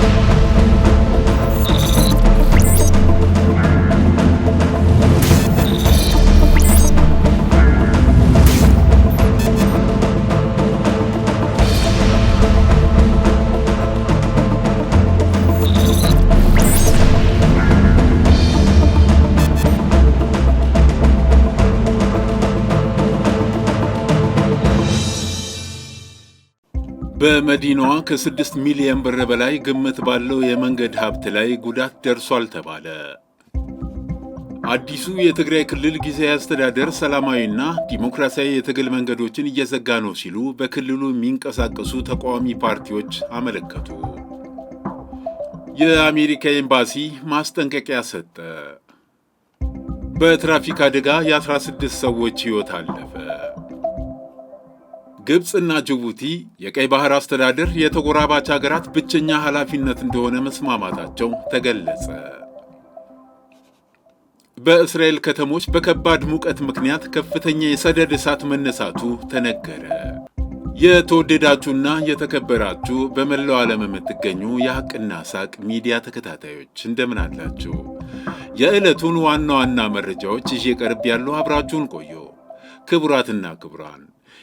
Thank you. በመዲናዋ ከ6 ሚሊዮን ብር በላይ ግምት ባለው የመንገድ ሀብት ላይ ጉዳት ደርሷል ተባለ። አዲሱ የትግራይ ክልል ጊዜያዊ አስተዳደር ሰላማዊና ዲሞክራሲያዊ የትግል መንገዶችን እየዘጋ ነው ሲሉ በክልሉ የሚንቀሳቀሱ ተቃዋሚ ፓርቲዎች አመለከቱ። የአሜሪካ ኤምባሲ ማስጠንቀቂያ ሰጠ። በትራፊክ አደጋ የ16 ሰዎች ሕይወት አለፈ። ግብፅና ጅቡቲ የቀይ ባህር አስተዳደር የተጎራባች ሀገራት ብቸኛ ኃላፊነት እንደሆነ መስማማታቸው ተገለጸ። በእስራኤል ከተሞች በከባድ ሙቀት ምክንያት ከፍተኛ የሰደድ እሳት መነሳቱ ተነገረ። የተወደዳችሁና የተከበራችሁ በመላው ዓለም የምትገኙ የሐቅና ሳቅ ሚዲያ ተከታታዮች እንደምን አላችሁ? የዕለቱን ዋና ዋና መረጃዎች ይዤ ቀርብ ያለው አብራችሁን ቆዩ። ክቡራትና ክቡራን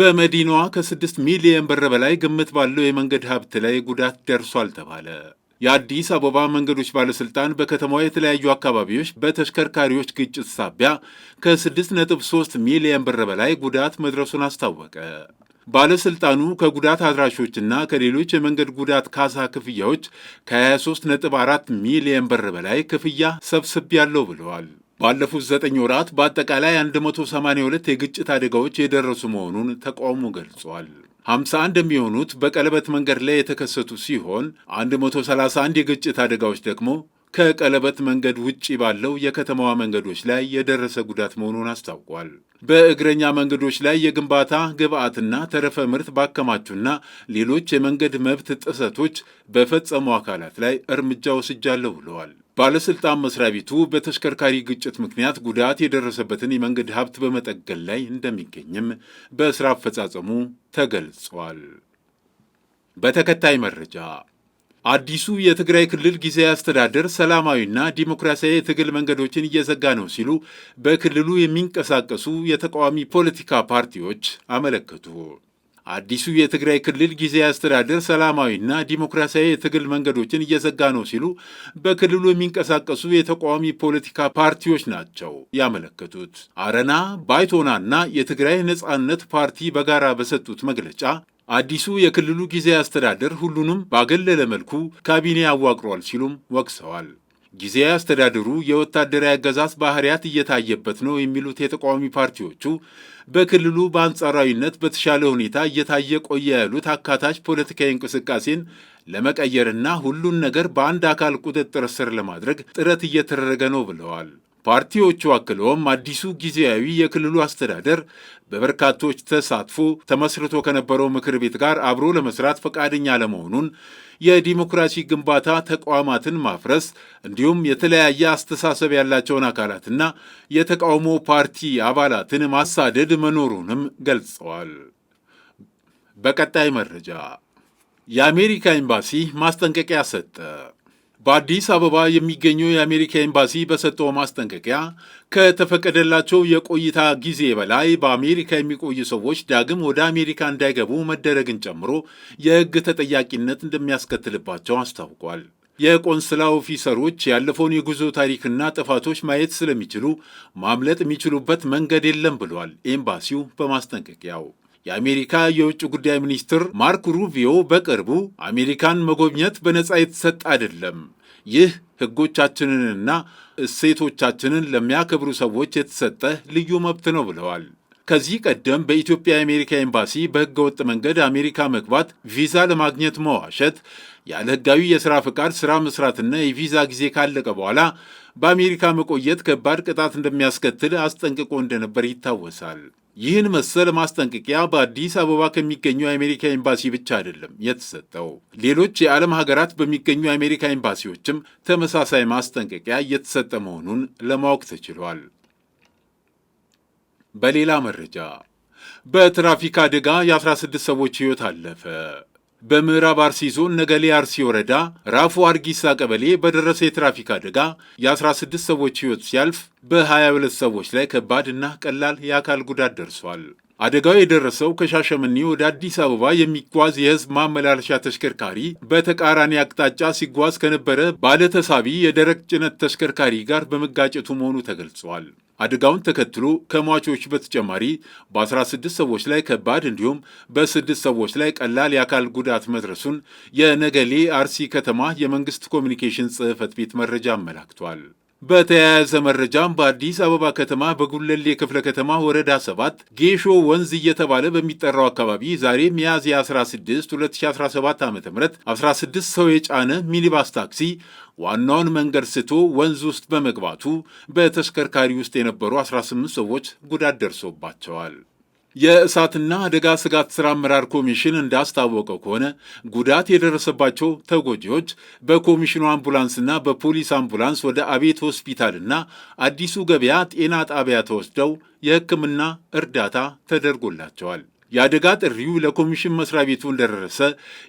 በመዲናዋ ከ6 ሚሊየን ብር በላይ ግምት ባለው የመንገድ ሀብት ላይ ጉዳት ደርሷል ተባለ። የአዲስ አበባ መንገዶች ባለስልጣን በከተማዋ የተለያዩ አካባቢዎች በተሽከርካሪዎች ግጭት ሳቢያ ከ6.3 ሚሊየን ብር በላይ ጉዳት መድረሱን አስታወቀ። ባለስልጣኑ ከጉዳት አድራሾችና ከሌሎች የመንገድ ጉዳት ካሳ ክፍያዎች ከ23.4 ሚሊየን ብር በላይ ክፍያ ሰብስቤያለሁ ብለዋል። ባለፉት ዘጠኝ ወራት በአጠቃላይ 182 የግጭት አደጋዎች የደረሱ መሆኑን ተቋሙ ገልጿል። 51 የሚሆኑት በቀለበት መንገድ ላይ የተከሰቱ ሲሆን 131 የግጭት አደጋዎች ደግሞ ከቀለበት መንገድ ውጪ ባለው የከተማዋ መንገዶች ላይ የደረሰ ጉዳት መሆኑን አስታውቋል። በእግረኛ መንገዶች ላይ የግንባታ ግብዓትና ተረፈ ምርት ባከማቹና ሌሎች የመንገድ መብት ጥሰቶች በፈጸሙ አካላት ላይ እርምጃ ወስጃለሁ ብለዋል። ባለስልጣን መስሪያ ቤቱ በተሽከርካሪ ግጭት ምክንያት ጉዳት የደረሰበትን የመንገድ ሀብት በመጠገን ላይ እንደሚገኝም በስራ አፈጻጸሙ ተገልጿል። በተከታይ መረጃ አዲሱ የትግራይ ክልል ጊዜያዊ አስተዳደር ሰላማዊና ዲሞክራሲያዊ የትግል መንገዶችን እየዘጋ ነው ሲሉ በክልሉ የሚንቀሳቀሱ የተቃዋሚ ፖለቲካ ፓርቲዎች አመለከቱ። አዲሱ የትግራይ ክልል ጊዜያዊ አስተዳደር ሰላማዊና ዲሞክራሲያዊ የትግል መንገዶችን እየዘጋ ነው ሲሉ በክልሉ የሚንቀሳቀሱ የተቃዋሚ ፖለቲካ ፓርቲዎች ናቸው ያመለከቱት። አረና፣ ባይቶናና የትግራይ ነጻነት ፓርቲ በጋራ በሰጡት መግለጫ አዲሱ የክልሉ ጊዜያዊ አስተዳደር ሁሉንም ባገለለ መልኩ ካቢኔ አዋቅሯል ሲሉም ወቅሰዋል። ጊዜያዊ አስተዳደሩ የወታደራዊ አገዛዝ ባህሪያት እየታየበት ነው የሚሉት የተቃዋሚ ፓርቲዎቹ በክልሉ በአንጻራዊነት በተሻለ ሁኔታ እየታየ ቆየ ያሉት አካታች ፖለቲካዊ እንቅስቃሴን ለመቀየርና ሁሉን ነገር በአንድ አካል ቁጥጥር ስር ለማድረግ ጥረት እየተደረገ ነው ብለዋል። ፓርቲዎቹ አክለውም አዲሱ ጊዜያዊ የክልሉ አስተዳደር በበርካቶች ተሳትፎ ተመስርቶ ከነበረው ምክር ቤት ጋር አብሮ ለመስራት ፈቃደኛ አለመሆኑን፣ የዲሞክራሲ ግንባታ ተቋማትን ማፍረስ እንዲሁም የተለያየ አስተሳሰብ ያላቸውን አካላትና የተቃውሞ ፓርቲ አባላትን ማሳደድ መኖሩንም ገልጸዋል። በቀጣይ መረጃ የአሜሪካ ኤምባሲ ማስጠንቀቂያ ሰጠ። በአዲስ አበባ የሚገኘው የአሜሪካ ኤምባሲ በሰጠው ማስጠንቀቂያ ከተፈቀደላቸው የቆይታ ጊዜ በላይ በአሜሪካ የሚቆዩ ሰዎች ዳግም ወደ አሜሪካ እንዳይገቡ መደረግን ጨምሮ የሕግ ተጠያቂነት እንደሚያስከትልባቸው አስታውቋል። የቆንስላ ኦፊሰሮች ያለፈውን የጉዞ ታሪክና ጥፋቶች ማየት ስለሚችሉ ማምለጥ የሚችሉበት መንገድ የለም ብሏል ኤምባሲው በማስጠንቀቂያው። የአሜሪካ የውጭ ጉዳይ ሚኒስትር ማርክ ሩቢዮ በቅርቡ አሜሪካን መጎብኘት በነጻ የተሰጠ አይደለም፣ ይህ ሕጎቻችንንና እሴቶቻችንን ለሚያከብሩ ሰዎች የተሰጠ ልዩ መብት ነው ብለዋል። ከዚህ ቀደም በኢትዮጵያ የአሜሪካ ኤምባሲ ወጥ መንገድ አሜሪካ መግባት፣ ቪዛ ለማግኘት መዋሸት፣ ያለ ሕጋዊ የሥራ ፍቃድ ሥራ መሥራትና የቪዛ ጊዜ ካለቀ በኋላ በአሜሪካ መቆየት ከባድ ቅጣት እንደሚያስከትል አስጠንቅቆ እንደነበር ይታወሳል። ይህን መሰል ማስጠንቀቂያ በአዲስ አበባ ከሚገኘው የአሜሪካ ኤምባሲ ብቻ አይደለም የተሰጠው። ሌሎች የዓለም ሀገራት በሚገኙ የአሜሪካ ኤምባሲዎችም ተመሳሳይ ማስጠንቀቂያ እየተሰጠ መሆኑን ለማወቅ ተችሏል። በሌላ መረጃ በትራፊክ አደጋ የ16 ሰዎች ሕይወት አለፈ። በምዕራብ አርሲ ዞን ነገሌ አርሲ ወረዳ ራፎ አርጊሳ ቀበሌ በደረሰ የትራፊክ አደጋ የ16 ሰዎች ሕይወት ሲያልፍ በ22 ሰዎች ላይ ከባድ እና ቀላል የአካል ጉዳት ደርሷል። አደጋው የደረሰው ከሻሸመኔ ወደ አዲስ አበባ የሚጓዝ የህዝብ ማመላለሻ ተሽከርካሪ በተቃራኒ አቅጣጫ ሲጓዝ ከነበረ ባለተሳቢ የደረቅ ጭነት ተሽከርካሪ ጋር በመጋጨቱ መሆኑ ተገልጿል። አደጋውን ተከትሎ ከሟቾች በተጨማሪ በ16 ሰዎች ላይ ከባድ እንዲሁም በስድስት ሰዎች ላይ ቀላል የአካል ጉዳት መድረሱን የነገሌ አርሲ ከተማ የመንግስት ኮሚኒኬሽን ጽህፈት ቤት መረጃ አመላክቷል። በተያያዘ መረጃም በአዲስ አበባ ከተማ በጉለሌ ክፍለ ከተማ ወረዳ 7 ጌሾ ወንዝ እየተባለ በሚጠራው አካባቢ ዛሬ ሚያዝያ 16 2017 ዓ ም 16 ሰው የጫነ ሚኒባስ ታክሲ ዋናውን መንገድ ስቶ ወንዝ ውስጥ በመግባቱ በተሽከርካሪ ውስጥ የነበሩ 18 ሰዎች ጉዳት ደርሶባቸዋል። የእሳትና አደጋ ስጋት ሥራ አመራር ኮሚሽን እንዳስታወቀው ከሆነ ጉዳት የደረሰባቸው ተጎጂዎች በኮሚሽኑ አምቡላንስና በፖሊስ አምቡላንስ ወደ አቤት ሆስፒታልና አዲሱ ገበያ ጤና ጣቢያ ተወስደው የሕክምና እርዳታ ተደርጎላቸዋል። የአደጋ ጥሪው ለኮሚሽን መስሪያ ቤቱ እንደደረሰ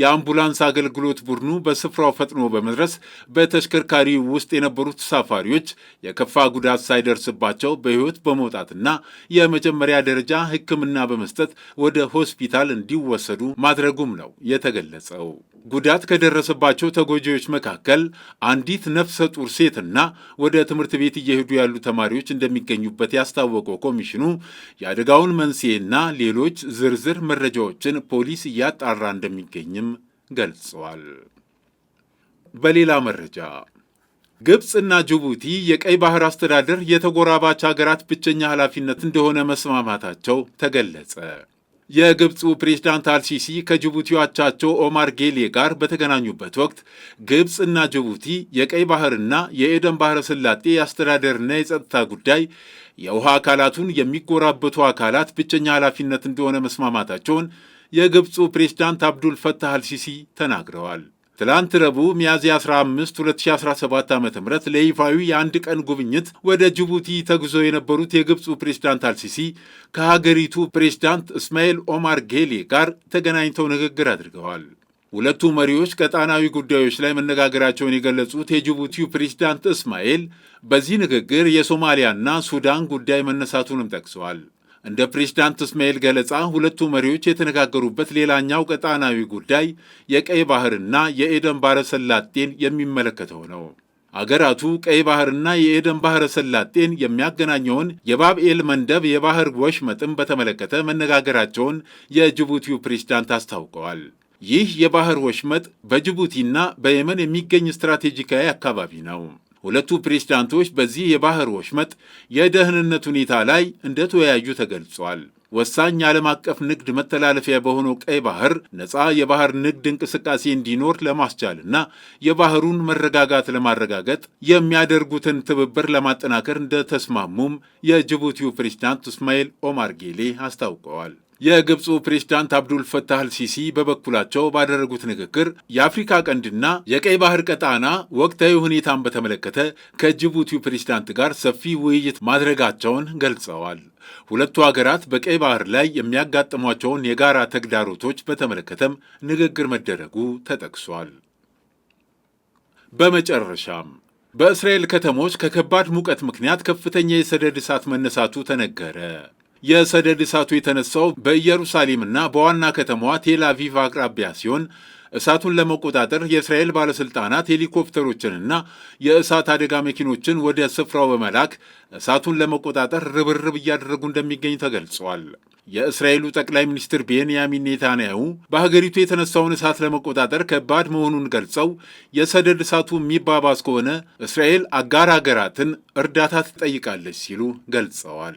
የአምቡላንስ አገልግሎት ቡድኑ በስፍራው ፈጥኖ በመድረስ በተሽከርካሪ ውስጥ የነበሩ ተሳፋሪዎች የከፋ ጉዳት ሳይደርስባቸው በሕይወት በመውጣትና የመጀመሪያ ደረጃ ሕክምና በመስጠት ወደ ሆስፒታል እንዲወሰዱ ማድረጉም ነው የተገለጸው። ጉዳት ከደረሰባቸው ተጎጂዎች መካከል አንዲት ነፍሰ ጡር ሴትና ወደ ትምህርት ቤት እየሄዱ ያሉ ተማሪዎች እንደሚገኙበት ያስታወቀው ኮሚሽኑ የአደጋውን መንስኤና ሌሎች ዝርዝር መረጃዎችን ፖሊስ እያጣራ እንደሚገኝም ገልጸዋል። በሌላ መረጃ ግብፅና እና ጅቡቲ የቀይ ባህር አስተዳደር የተጎራባች ሀገራት ብቸኛ ኃላፊነት እንደሆነ መስማማታቸው ተገለጸ። የግብፁ ፕሬዝዳንት አልሲሲ ከጅቡቲው አቻቸው ኦማር ጌሌ ጋር በተገናኙበት ወቅት ግብፅ እና ጅቡቲ የቀይ ባህርና የኤደን ባህረ ስላጤ የአስተዳደርና የጸጥታ ጉዳይ የውሃ አካላቱን የሚጎራበቱ አካላት ብቸኛ ኃላፊነት እንደሆነ መስማማታቸውን የግብፁ ፕሬዝዳንት አብዱል ፈታህ አልሲሲ ተናግረዋል። ትላንት ረቡዕ ሚያዝያ 15 2017 ዓ ም ለይፋዊ የአንድ ቀን ጉብኝት ወደ ጅቡቲ ተጉዞ የነበሩት የግብፁ ፕሬዝዳንት አልሲሲ ከሀገሪቱ ፕሬዝዳንት እስማኤል ኦማር ጌሌ ጋር ተገናኝተው ንግግር አድርገዋል። ሁለቱ መሪዎች ቀጣናዊ ጉዳዮች ላይ መነጋገራቸውን የገለጹት የጅቡቲው ፕሬዝዳንት እስማኤል በዚህ ንግግር የሶማሊያና ሱዳን ጉዳይ መነሳቱንም ጠቅሰዋል። እንደ ፕሬዝዳንት እስማኤል ገለጻ ሁለቱ መሪዎች የተነጋገሩበት ሌላኛው ቀጣናዊ ጉዳይ የቀይ ባህርና የኤደን ባህረ ሰላጤን የሚመለከተው ነው። አገራቱ ቀይ ባህርና የኤደን ባህረ ሰላጤን የሚያገናኘውን የባብኤል መንደብ የባህር ወሽመጥን በተመለከተ መነጋገራቸውን የጅቡቲው ፕሬዝዳንት አስታውቀዋል። ይህ የባህር ወሽመጥ በጅቡቲና በየመን የሚገኝ ስትራቴጂካዊ አካባቢ ነው። ሁለቱ ፕሬዝዳንቶች በዚህ የባህር ወሽመጥ የደህንነት ሁኔታ ላይ እንደተወያዩ ተገልጿል። ወሳኝ ዓለም አቀፍ ንግድ መተላለፊያ በሆነው ቀይ ባህር ነፃ የባህር ንግድ እንቅስቃሴ እንዲኖር ለማስቻልና የባህሩን መረጋጋት ለማረጋገጥ የሚያደርጉትን ትብብር ለማጠናከር እንደተስማሙም የጅቡቲው ፕሬዝዳንት እስማኤል ኦማር ጌሌ አስታውቀዋል። የግብፁ ፕሬዝዳንት አብዱል ፈታህ አልሲሲ በበኩላቸው ባደረጉት ንግግር የአፍሪካ ቀንድና የቀይ ባህር ቀጣና ወቅታዊ ሁኔታን በተመለከተ ከጅቡቲው ፕሬዝዳንት ጋር ሰፊ ውይይት ማድረጋቸውን ገልጸዋል። ሁለቱ ሀገራት በቀይ ባህር ላይ የሚያጋጥሟቸውን የጋራ ተግዳሮቶች በተመለከተም ንግግር መደረጉ ተጠቅሷል። በመጨረሻም በእስራኤል ከተሞች ከከባድ ሙቀት ምክንያት ከፍተኛ የሰደድ እሳት መነሳቱ ተነገረ። የሰደድ እሳቱ የተነሳው በኢየሩሳሌምና በዋና ከተማዋ ቴልአቪቭ አቅራቢያ ሲሆን እሳቱን ለመቆጣጠር የእስራኤል ባለሥልጣናት ሄሊኮፕተሮችንና የእሳት አደጋ መኪኖችን ወደ ስፍራው በመላክ እሳቱን ለመቆጣጠር ርብርብ እያደረጉ እንደሚገኝ ተገልጿል። የእስራኤሉ ጠቅላይ ሚኒስትር ቤንያሚን ኔታንያሁ በሀገሪቱ የተነሳውን እሳት ለመቆጣጠር ከባድ መሆኑን ገልጸው የሰደድ እሳቱ የሚባባስ ከሆነ እስራኤል አጋር ሀገራትን እርዳታ ትጠይቃለች ሲሉ ገልጸዋል።